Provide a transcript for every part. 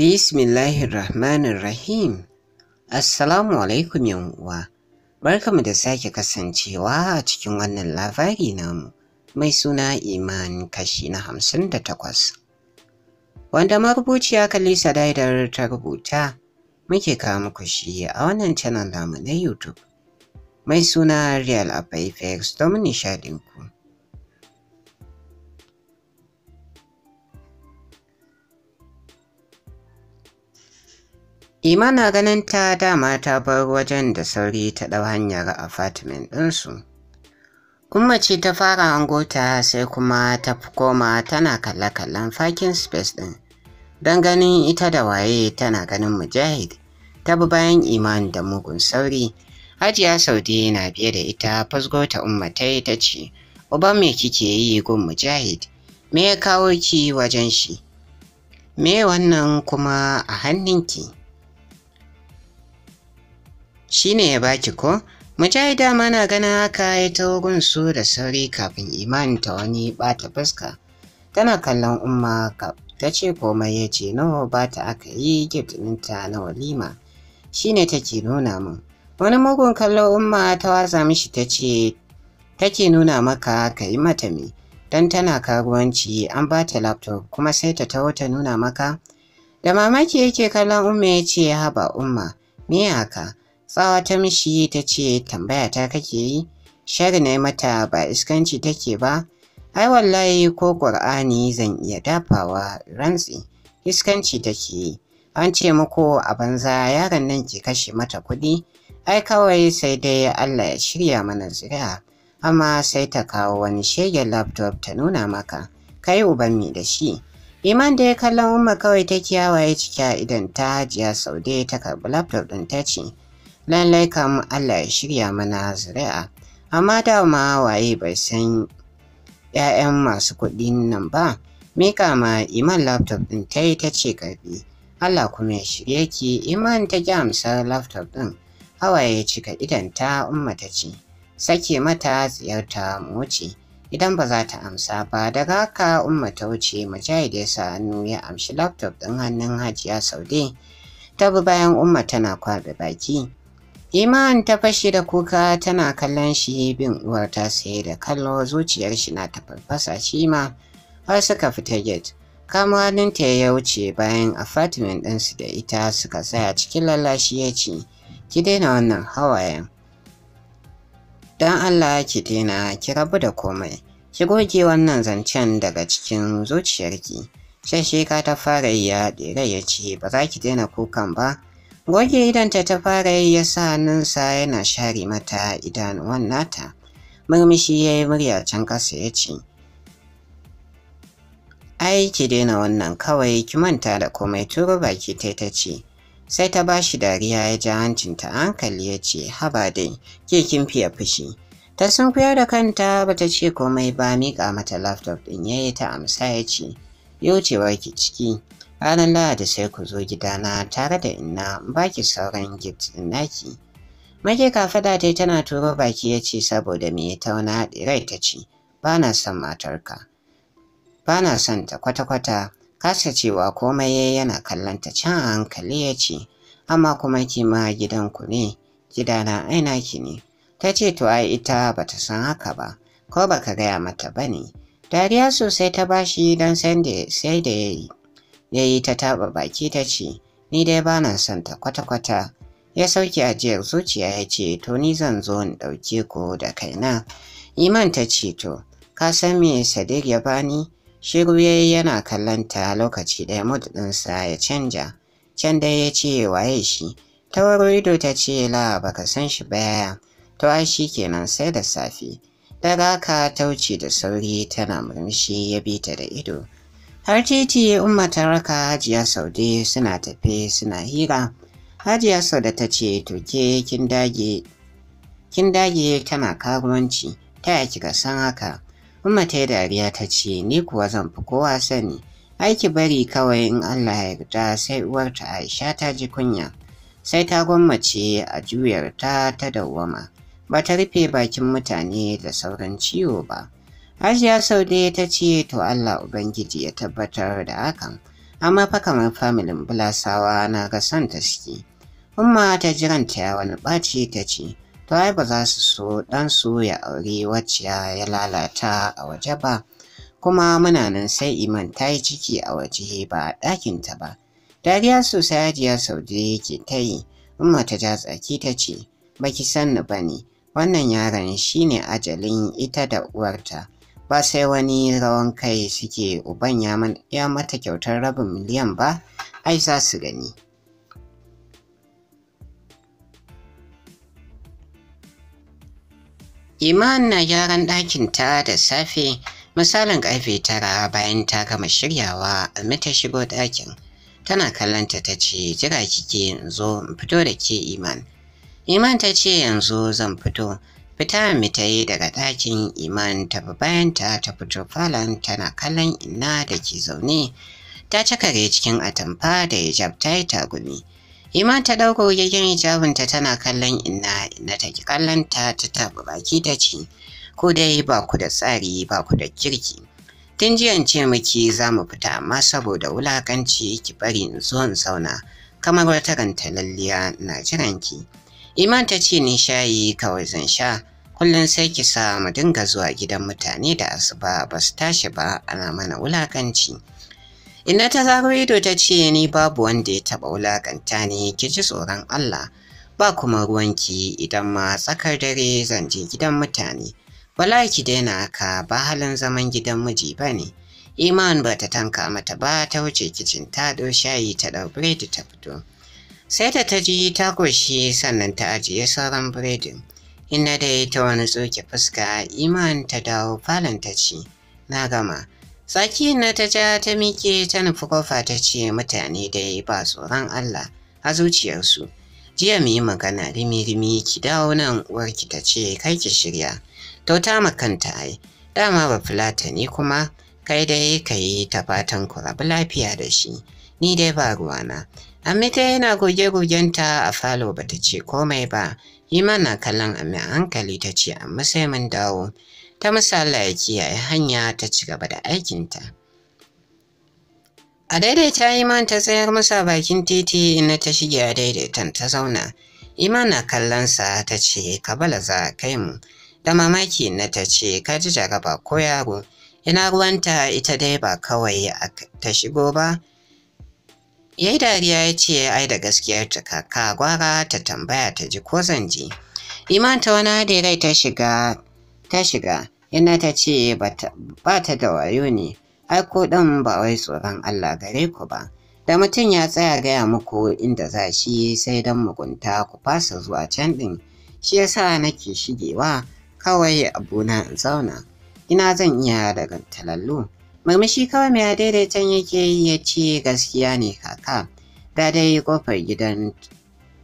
Bismillahirrahmanirrahim. Assalamu alaikum uwa. Barkamu da sake kasancewa a cikin wannan labari namu mai suna Iman kashi na hamsin da takwas. Wanda marubuciya Kalisa Daidar ta rubuta muke kawo muku shi a wannan channel namu na YouTube. Mai suna Real Abai Fex domin nishadinku. Imana ganin ta dama ta bar wajen da sauri ta ɗau hanyar apartment ɗinsu. Umma ta fara angota sai kuma ta fi koma tana kalla kallen fakin space ɗin. Don ganin ita da waye tana ganin mujahid, ta bi bayan iman da mugun sauri. Hajiya Saudi na biye da ita fasgo ta umma ta yi ce, Uban me kike yi gun mujahid? Me ya kawo ki wajen shi? Me wannan kuma a hannunki? ki? shi ne ya baki ko? Mujahida mana ganin haka ya taho su da sauri kafin iman ta wani ta fuska. Tana kallon umma ta ce komai ya ce nawa ba ta aka yi gift ɗinta na walima. Shi ne take nuna min. Wani mugun kallon umma ta watsa mishi ta ce take nuna maka ka yi mata me don tana karuwanci an ba ta laptop kuma sai ta taho ta nuna maka da mamaki yake kallon umma ya ce haba umma me haka Tsawa ta mishi ta ce tambaya ta kake yi, shari na mata ba iskanci take ba, ai wallahi ko ƙur'ani zan iya dafawa rantsi, iskanci take yi. An ce muku a banza yaron nan ke kashe mata kuɗi, ai kawai sai dai Allah ya shirya mana zuri'a, amma sai ta kawo wani shegen laptop ta nuna maka, kai uban mi da shi. Iman da ya kallon umma kawai ta kiyawaye ciki a idan ta hajiya saude ta karɓi laptop ɗin ta ce, lallai kam Allah ya shirya mana zuri'a amma ma waye bai san 'ya'yan masu kuɗi nan ba mika ma iman laptop ɗin ta yi ta ce karfi Allah kuma ya shirye ki iman ta ji amsar laptop ɗin hawaye cika idan ta umma ta ce sake mata ziyarta mu wuce idan ba za ta amsa ba daga haka umma ta wuce mujahid ya sa hannu ya amshi laptop ɗin hannun hajiya saude ta bi bayan umma tana kwaɓe baki Iman ta fashe da kuka tana kallon shi bin uwarta sai da kallo zuciyar shi na ta farfasa shi ma har suka fita gate. kamaninta ya wuce bayan apartment ɗinsu da ita suka tsaya cikin lallashi ya ce, Ki daina wannan hawayen. Don Allah ki daina ki rabu da komai, ki goge wannan zancen daga cikin zuciyarki. Shashika ta fara yi ya ɗera ya ce, Ba za ki daina kukan ba, Goge idanta ta fara yi ya sa hannunsa yana share mata idanuwan nata. Murmushi ya yi murya can ƙasa ya ce, Ai, ki daina wannan kawai ki manta da komai turo baki ta ta ce, sai ta ba shi dariya ya ja hancinta a hankali ya ce, Haba dai, ke kin fiye fushi. Ta fiye da kanta ba ta ce komai ba miƙa mata laptop ɗin ya yi ta amsa ya ce, Yau ce ki ciki. ranar lahadi sai ku zo gidana tare da inna baki sauran git naki Mage da ta tana turo baki ya ce saboda me tauna rai ta ce ba na son matarka ba na son ta kwata-kwata kasa cewa komai yana kallon ta can hankali ya ce amma kuma ki ma ku ne gidana aina ki ne ta ce to ai ita bata san haka ba ko baka gaya mata bane dariya sosai ta bashi don sai da ya yi ya yi ta taɓa baki ta ce, Ni dai ba na son ta kwata-kwata. Ya sauke ajiyar zuciya ya ce, To ni zan zo in ɗauke ku da kaina. Iman ta ce, To, ka san me Sadiq ya bani? Shiru ya yi yana kallon ta lokaci ɗaya mud ya canja. Can dai ya ce, Waye shi? Tawaro ido ta ce, La, baka san shi baya. To ai shi kenan sai da safe. Daga ka ta da sauri tana murmushi ya bi ta da ido. har titi umma ta raka hajiya saude suna tafe suna hira hajiya da ta ce toke kin dage kin dage tana karuwanci ta yaki kika san haka umma ta yi dariya ta ce ni kuwa zan fi kowa sani aiki bari kawai in allah ya yarda sai uwarta aisha ta ji kunya sai ta gwammace a juyarta ta dawwama ba ta rufe bakin mutane da sauran ciwo ba. Hajiya Saude ta ce to Allah Ubangiji ya tabbatar da hakan, amma fa kamar familin bulasawa na ga son ta suke. Umma ta jiranta ya wani ɓaci ta ce, to ai ba za su so ɗansu ya aure wacce ya lalata a waje ba, kuma muna nan sai Iman ta yi ciki a waje ba a ɗakinta ba. Dariya sosai Hajiya Saude ke ta yi, Umma ta ja tsaki ta ce, baki ni ba ne, wannan yaron shine ajalin ita da uwarta. ba sai wani rawan kai suke uban ya mata kyautar rabin miliyan ba ai za su gani Iman na gyaran ɗakinta da safe misalin ƙarfe tara bayan ta gama shiryawa ta shigo ɗakin tana kallonta ta ce jira kike yanzu fito da ke Iman. Iman ta ce yanzu zan fito Fita mita yi daga ɗakin iman ta bayanta ta fito falon tana kallon ina da ke zaune. Ta ci kare cikin atamfa da hijab ta yi tagumi. Iman ta ɗauko hijabin ta tana kallon ina inna ta ki kallon ta ta taɓa baki da ci. ko dai ba ku da tsari ba ku da kirki. Tun jiyan ce miki za mu fita amma saboda wulakanci ki bari in zo in zauna kamar wata rantalalliya na jiran ki? Iman ta ce ni shayi kawai zan sha kullum sai ki sa mu dinga zuwa gidan mutane da asuba ba su tashi ba ana mana wulakanci Ina ta zaro ido ta ce ni babu wanda ya taɓa wulakanta ne ki ji tsoron Allah ba kuma ruwanki idan ma tsakar dare zan je gidan mutane bala ki daina haka ba halin zaman gidan miji ba ne iman ba ta tanka mata ba ta wuce kicin ta ɗau shayi ta ɗau biredi ta fito sai da ta ji ta koshi sannan ta ajiye sauran biredin na dai ta wani tsoke fuska iman ta dawo falon ta ce na gama Saki na ta ja ta miƙe ta nufi kofa ta ce mutane dai ba tsoron Allah a zuciyarsu. Jiya mu yi magana rimi-rimi ki dawo nan uwarki ta ce kai ki shirya. To ta makanta ai, dama ba filata ne kuma kai dai ka yi ta fatan ku rabu lafiya da shi. Ni dai ba ruwana. Amita yana goge-gogenta a falo ba ta ce komai ba, Hima na kallon a mai hankali ta ce amma sai mun dawo. Ta misala ya kiyaye hanya ta ci gaba da aikinta. A daidaita Iman ta tsayar masa bakin titi na ta shige a daidaitan ta zauna. Iman na kallonsa ta ce ka bala za a kai mu. Da mamaki na ta ce ka ji jaraba ko yaro. Ina ruwanta ita dai ba kawai ta shigo ba. Yayi dariya ya ce ai da gaskiyar ta kaka gwara ta tambaya ta ji ko zan je. Iman ta wani rai ta shiga ta shiga yana ta ce ba ta da wayo ne ai ko ɗan ba wai tsoron Allah gare ku ba. Da mutum ya tsaya gaya muku inda za shi sai don mugunta ku fasa zuwa can ɗin shi ya sa nake shigewa kawai abuna in zauna ina zan iya daga talallu. murmushi kawai mai daidaitan yake yi ya ce gaskiya ne kaka da dai kofar gidan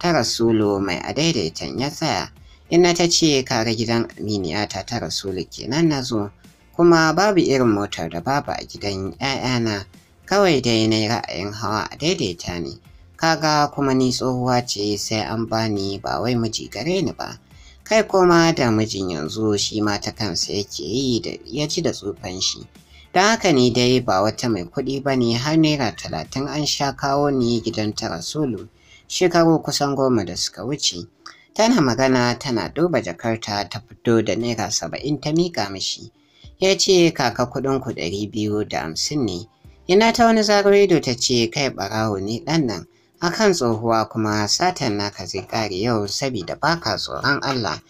ta rasulu mai adaidaitan ya tsaya ina ta ce kare gidan Aminiya ta rasulu kenan na zo kuma babu irin motar da babu a gidan 'ya'yana kawai dai na ra'ayin hawa a daidaita ne kaga kuma ni tsohuwa ce sai an bani ba wai miji gare ni ba kai kuma da mijin yanzu shi ma ta kansa yake yi da ya ci da tsufan shi Don haka ni dai ba wata mai kuɗi ba ne har naira talatin an sha kawo ni gidan ta Rasulu shekaru kusan goma da suka wuce. Tana magana tana duba jakarta ta fito da naira saba'in ta miƙa mishi. Ya ce kaka kuɗin ku ɗari biyu da hamsin ne. Ina ta wani zarar ido ta ce kai ɓarawo ne ɗan nan. akan tsohuwa kuma satan naka zai ƙare yau sabida baka tsoron Allah.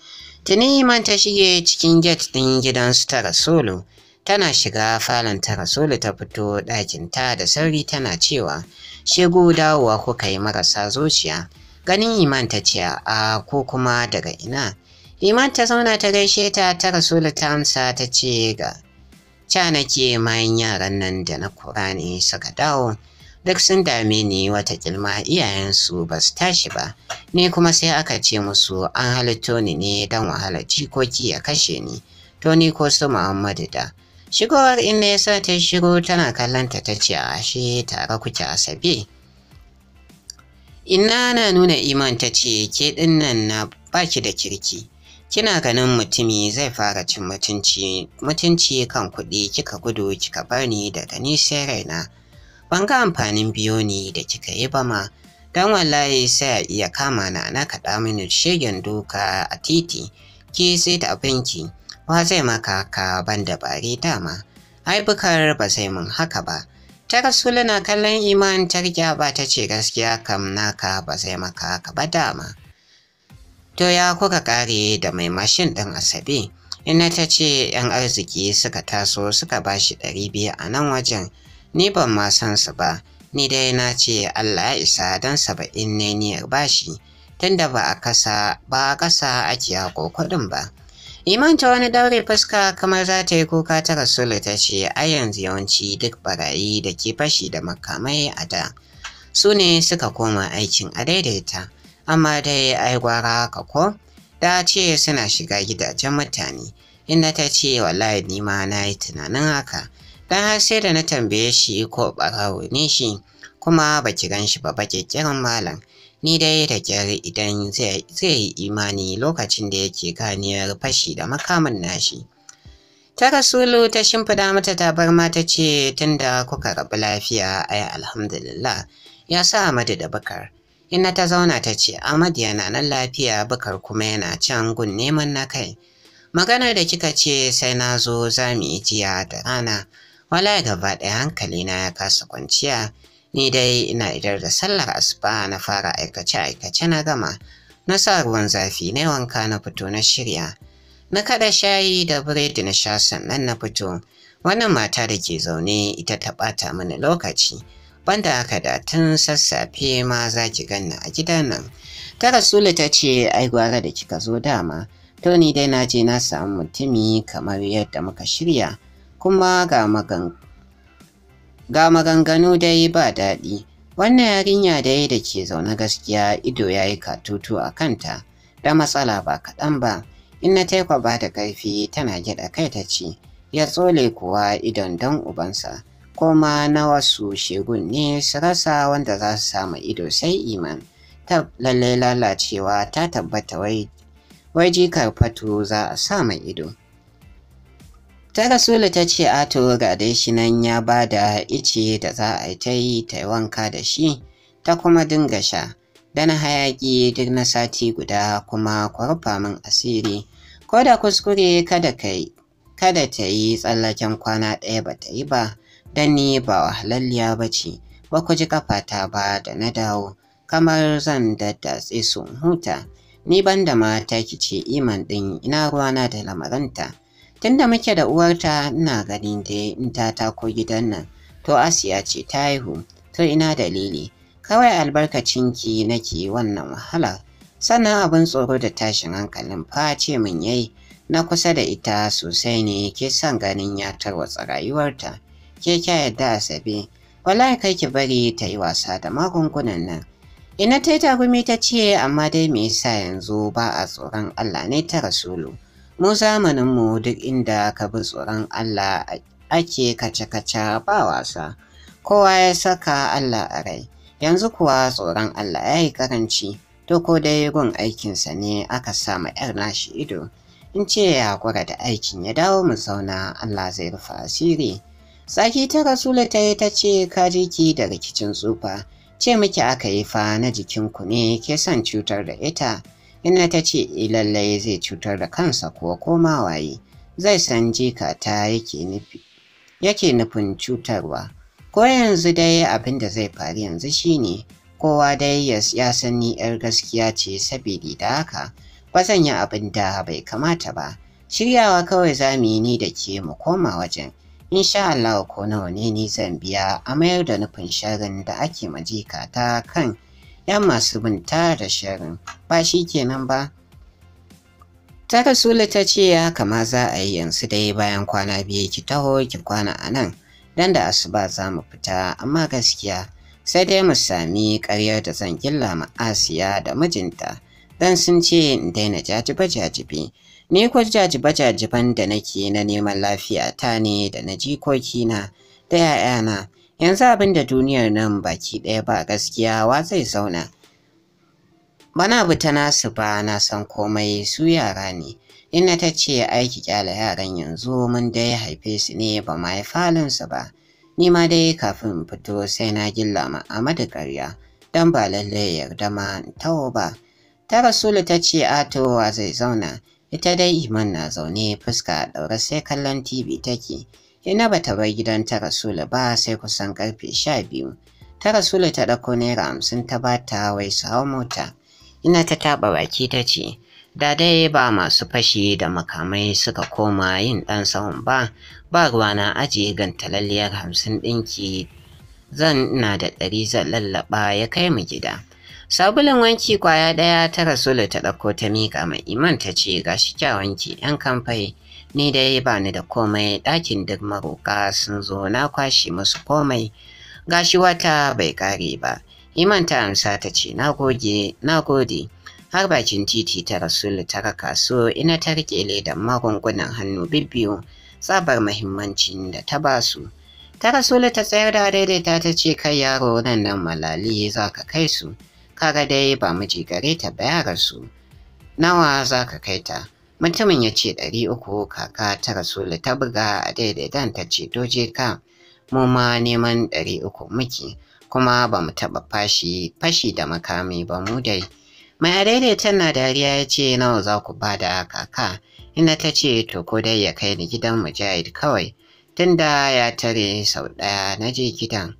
Tuni man ta shige cikin get ɗin gidan su ta Rasulu. Tana shiga falon ta Rasulu ta fito ɗakinta da sauri tana cewa, Shegu dawowa kuka yi marasa zuciya, ganin Iman ta ce a ko kuma daga ina. Iman ta zauna ta gaishe ta ta Rasulu ta amsa ta ce ga canake mayan yaran nan da na kura suka dawo. duk sun dame ni wata kilma iyayensu ba su tashi ba ni kuma sai aka ce musu an halitto ni ne don wahala jikoki ya kashe ni to ni ko su muhammadu da Shigowar inda ya sa ta shigo tana kallanta ta ce ashe tare ku kuke asabe. Ina na nuna iman ta ce ke dinnan na baki da kirki. Kina ganin mutumi zai fara cin mutunci mutunci kan kuɗi kika gudu kika bani daga ni sai raina. Ban ga amfanin biyo ni da kika yi ba ma. Dan wallahi sai ya iya kama na na kaɗa mini shegen doka a titi, ke sai ta abinki. wa zai maka ka ban dabari dama ai bukar ba zai mun haka ba ta rasulu na kallon iman ta ba ta ce gaskiya kam naka ba zai maka haka ba dama to ya kuka kare da mai mashin ɗin asabe ina ta ce 'yan arziki suka taso suka bashi ɗari biyu a nan wajen ni ban ma san su ba ni dai na ce Allah ya isa don saba'in ne niyar bashi tunda ba a kasa ba a kasa ake kuɗin ba Iman ta wani daure fuska kamar za ta yi kuka ta Rasulu ta ce a yanzu yawanci duk barayi da ke fashi da makamai a da su ne suka koma aikin a daidaita amma dai ai gwara ka ko da ce suna shiga gidajen mutane inda ta ce wallahi ni ma na yi tunanin haka dan har sai da na tambaye shi ko barawo ne shi kuma baki gan shi ba ba kiran malam ni dai da kyar idan zai yi imani lokacin da yake ganiyar fashi da makamin nashi. Ta Rasulu ta shimfida mata tabarma ta ce tunda kuka rabu lafiya yi alhamdulillah ya sa Amadu da Bakar. Inna ta zauna ta ce Amadu yana nan lafiya Bakar kuma yana can gun neman na kai. Maganar da kika ce sai na zo za mu yi jiya da rana. Wala gaba ɗaya na ya kasa kwanciya. Ni dai ina idar da sallar asuba na fara aikace-aikace na gama. Na sa ruwan zafi na wanka na fito na shirya. Na kada shayi da biredi na sha sannan na fito. Wannan mata da ke zaune ita ta ɓata mana lokaci. Banda haka da tun sassafe ma za ki ganna a gidan nan. Ta Rasulu ta ce ai gwara da kika zo dama. To ni dai na je na samu mutumi kamar yadda muka shirya. Kuma ga magan Ga maganganu dai ba daɗi. Wannan yarinya dai da ke zaune gaskiya ido ya yi katutu a kanta da matsala ba kaɗan ba. In na taikwa ba da ƙarfi tana gyaɗa kai ta ce, ya tsole kuwa idon dan ubansa. Koma na wasu shegun ne su rasa wanda za su samu ido sai iman. Ta lalle lalacewa ta tabbata wai wai jikar fatu za a sa mai ido. ta rasula ta ce ato ga dai shi nan ya ba da ice da za a ta yi ta wanka da shi ta kuma dinga sha da na hayaƙi duk na sati guda kuma kwarfa min asiri ko da kuskure kada kai kada ta yi tsallaken kwana ɗaya ba ta yi ba don ni ba wahalalliya ba ce ba ku ji kafata ba da na dawo kamar zan daddatse su huta ni ban da mata ki ce iman ɗin ina ruwana da lamaranta. Tun da muke da uwarta ina ganin dai in ta tako gidan nan, to Asiya ce ta haihu, to ina dalili, kawai albarkacinki nake wannan wahala. Sannan abin tsoro da tashin hankalin fa ce min yayi, na kusa da ita sosai ne ke son ganin ya tarwatsa rayuwarta, ke kya yadda asabe, wallahi kai ki bari ta yi wasa da magungunan nan. Ina ta yi tagumi ta ce amma dai me yasa yanzu ba a tsoron Allah ne ta rasulu. mu zamaninmu duk inda ka bi tsoron Allah ake kace-kace ba wasa kowa ya saka Allah a rai yanzu kuwa tsoron Allah ya yi karanci to ko dai gun aikinsa ne aka sa ma yar nashi ido in ce ya kura da aikin ya dawo mu zauna Allah zai rufa asiri Saki ta Rasula ta yi ta ce ki da rikicin tsufa, ce miki aka yi fa na jikinku ne ke son cutar da ita, na ta ce eh, lallai zai cutar da kansa ko koma waye zai san jika ta yake nufin cutarwa. Ko yanzu dai abin da zai faru yanzu shine kowa dai ya san ni 'yar gaskiya ce sabili da haka ba zan yi abin da bai kamata ba. Shiryawa kawai za mu yi ni da ke mu koma wajen. Insha Allah ko nawa ne ni zan biya a mayar da nufin sharin da ake majika ta kan 'yan masu binta da sharin ba shi kenan ba ta rasulu ta ce ya kama za a yi yanzu dai bayan kwana biyu ki taho ki kwana a nan dan da asuba za mu fita amma gaskiya sai dai mu sami karyar da zan killa ma asiya da mijinta dan sun ce in daina jajiba jajibi ni ko jajiba jajiban da nake na neman lafiya ta ne da na jikokina da 'ya'yana yanzu abin da duniyar nan baki ɗaya ba gaskiya wa zai zauna bana bi ta nasu ba na san komai su yara ne ina ta ce aiki kyala yaran yanzu mun dai haife su ne ba ma falinsu ba ni ma dai kafin fito sai na gilla ma a madakarya don ba lallai yarda ma tawo ba ta rasulu ta ce atowa zai zauna ita dai iman na zaune fuska ɗaure sai kallon tv take Ina bata bar gidan ta Rasulu ba sai kusan karfe sha biyu. Ta Rasulu ta ɗauko naira hamsin ta ba ta wai su hau mota. Ina ta taɓa baki ta ce, da dai ba masu fashi da makamai suka koma yin ɗan sahun ba, ba ruwa na ajiye lalliyar hamsin ɗinki zan na da ɗari zan lallaɓa ya kai mu gida. Sabulin wanki kwaya ɗaya ta Rasulu ta ɗauko ta miƙa mai iman ta ce gashi kyawanki ‘yan kamfai. Ni dai ba ni da komai ɗakin duk maroka sun zo na kwashe musu komai. Gashi wata bai ƙare ba. Iman ta amsa ta ce na goge na gode. Har bakin titi ta rasulu ta raka so ina ta riƙe ledan magungunan hannu bibbiyu tsabar mahimmancin da ta ba su. Ta rasulu ta tsayar da daidai ta ce kai yaro nan nan malali za ka kai su. Kaga dai ba miji gare ta ba rasu. Nawa za ka kai ta? Mutumin ya ce ɗari uku kaka ta rasulu ta buga a daidaitan ta ce doje ka mu ma neman ɗari uku muke kuma ba mu taɓa fashi fashi da makami ba mu dai. Mai a na dariya ya ce nawa za ku ba da kaka Ina ta ce to ko dai ya kai ni gidan mujahid kawai tunda ya tare sau ɗaya na je gidan.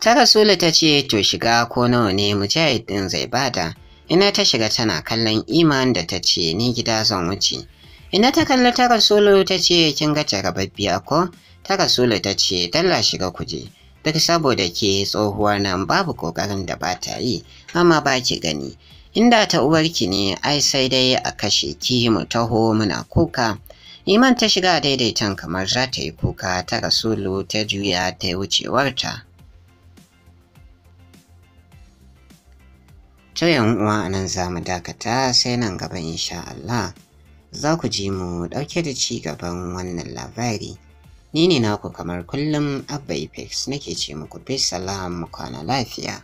Ta rasulu ta ce to shiga ko nawa ne mujahid ɗin zai bada. Ina ta shiga tana kallon Iman da ta ce ni gida zan wuce. Ina ta kalli ta Rasulu ta ce kin ga jarababbiya ko? Ta Rasulu ta ce dalla shiga kuje. Duk saboda ke tsohuwar nan babu kokarin da ba ta yi, amma ba ki gani. Inda ta uwarki ne ai sai dai a kashe ki mu taho muna kuka. Iman ta shiga daidaitan kamar za ta yi kuka ta Rasulu ta juya ta yi wucewarta. To yan uwa nan za mu dakata sai nan gaba insha Allah za ku ji mu ɗauke da ci gaban wannan labari. Ni ne naku kamar kullum Abba Apex nake ce muku bi salam kwana lafiya.